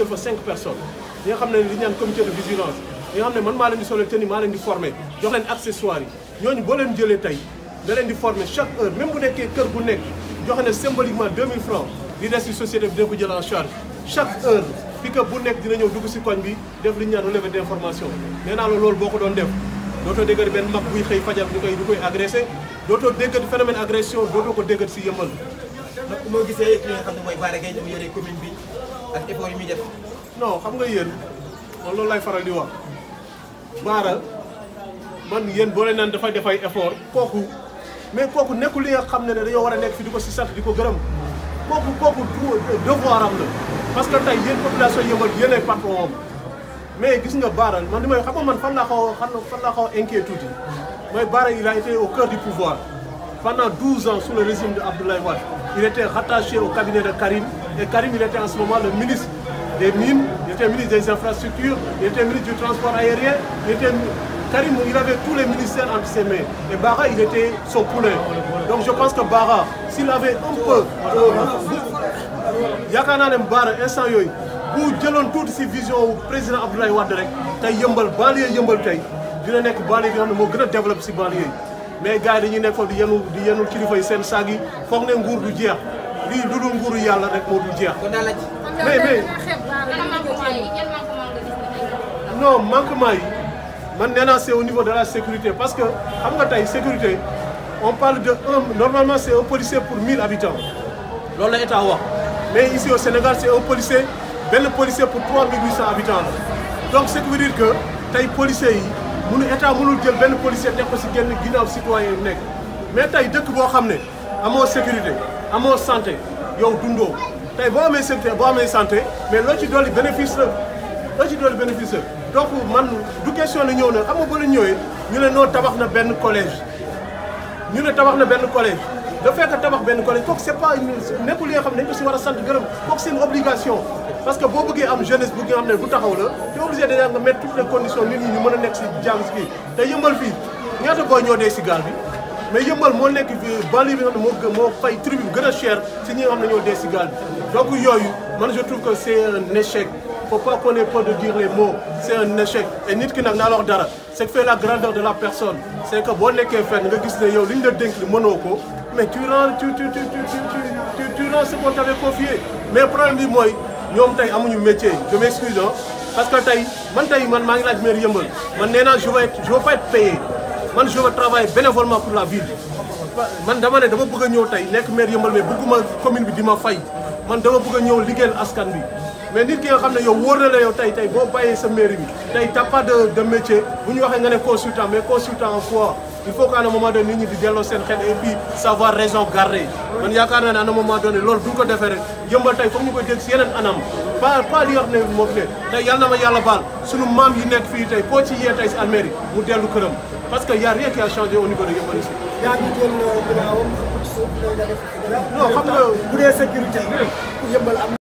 jël fa cinq personnes ñi nga xam ne li ñu naan comité de vigilance ñi nga xam ne man maa leen di solal tenue maa leen di formé jox leen accessoires yi jëlee tey da leen di formé chaque heure même bu nekkee kër bu nekk joxe ne symboliquement 2000 francs li des ci société bi dina ko jël en charge chaque heure pick bu nekk dina ñëw dugg ci koñ bi def li ñu naan relevé d'information nee naa la loolu boo ko doon def dootoo déggati benn mag buy xëy fajal ñu donc moo gisee ki nga xam mooy Bara Gaye ñu yore commune bi ak effort def. non xam nga yéen man loolu lay faral di wax Bara man yéen boo leen naan dafay def ay effort kooku mais kooku nekkul li xam ne ne dañoo war a nekk fi di ko si sant di ko gërëm kooku kooku euh, devoir am la parce que tey yéen population yëngal yéen ay mais gis nga Bara man li may xam man fan laa xaw a fan laa xaw a inquiétude yi mooy yi il a été au pouvoir. pendant 12 ans sous le régime de Abdoulaye Wade. Il était rattaché au cabinet de Karim. Et Karim, il était en ce le ministre des mines, il était ministre des infrastructures, il était ministre du transport aérien, il avait tous les ministères entre ses Et Bara, il était son Donc je pense que Bara, s'il avait un peu... Euh, yaakaar naa ne Bara instant yooyu bu jëloon tuuti si vision wu président Abdoulaye Wade rek tey yëmbal banlieue yëmbal tey dina nekk banlieue bi nga xam ne moo gën a développé si mais gars di dañuy nekk foofu di yenu di yenul kilifa yi seen saag yi foog ne nguur du jeex lii du dul nguuru yàlla rek moo dul jeex. mais mais non manquement yi man nee naa c'est au de la sécurité parce que xam nga tey sécurité on parle de un normalement c'est un policier pour 1000 habitants loolu la état wax mais ici au Sénégal c'est un policier benn policier pour 3800 habitants la donc ce que tey policiers yi. munu état mënul jël benn policier teg ko si génn ginnaaw citoyen yi nekk mais tey dëkk boo xam ne amoo sécurité amoo santé yow dundoo tey boo amee sécurité boo amee santé mais loo ci dolli bénéfice la loo ci dolli bénéfice la donc man du question ne ñëw na xam nga ba la ñëwee ñu ne noo tabax na benn collège ñu ne tabax na benn collège da fait que tabax benn collège kooku c'est pas nekkul li xam ne dañ si war a sant gërëm kooku c'est une obligation parce que boo bëggee am jeunesse bu nga xam ne bu taxaw la te obligé déjà nga mettre toutes les nit ñi ñu mën a nekk si jàng fii te yëmbal fii ñaata booy ñoo dee si gaal bi mais yëmbal moo nekk banlieue bi nga xam ne moo moo fay gën a cher si ñi nga na ne ñoo dee si gaal bi donc yooyu man je trouve que c'est un échec faut pas qu'on ait de dire les c'est un ki naa la wax dara c'est boo nekkee fenn nga gis ne yow li ñu la dénk li mënoo mais tu rends tu tu tu tu tu rends ce qu'on problème bi mooy ñoom tey amuñu métier je m'excuse hein parce que tey man tey man maa ngi laaj maire yëmbal man nee naa je veux je veux pas être payé man je veux travailler bénévolement pour la ville. man dama ne dama bëgg a ñëw tey nekk maire yëmbal mais bëgguma commune bi di ma fay man dama bëgg a ñëw liggéeyal askan bi mais nit ki nga xam ne yow wóor na la yow tey tey boo bàyyee sa mairie bi tey t'as pas de bu ñu waxee nga ne consultant mais consultant en quoi. il faut qu'à un moment a nit ñi di delloo seen xel et puis savoir raison garder man yaakaar naa ne à un moment donné loolu duñ ko defee rek yëmbal ñu koy dégg si yeneen anam pas pas li wax ne moom ne tey na ma yàlla baal suñu maam yi nekk fii tey koo ci yee tey si Almeri mu dellu këram parce que y a rien qui a changé au niveau de yëmbal ici euh, non xam nga bu sécurité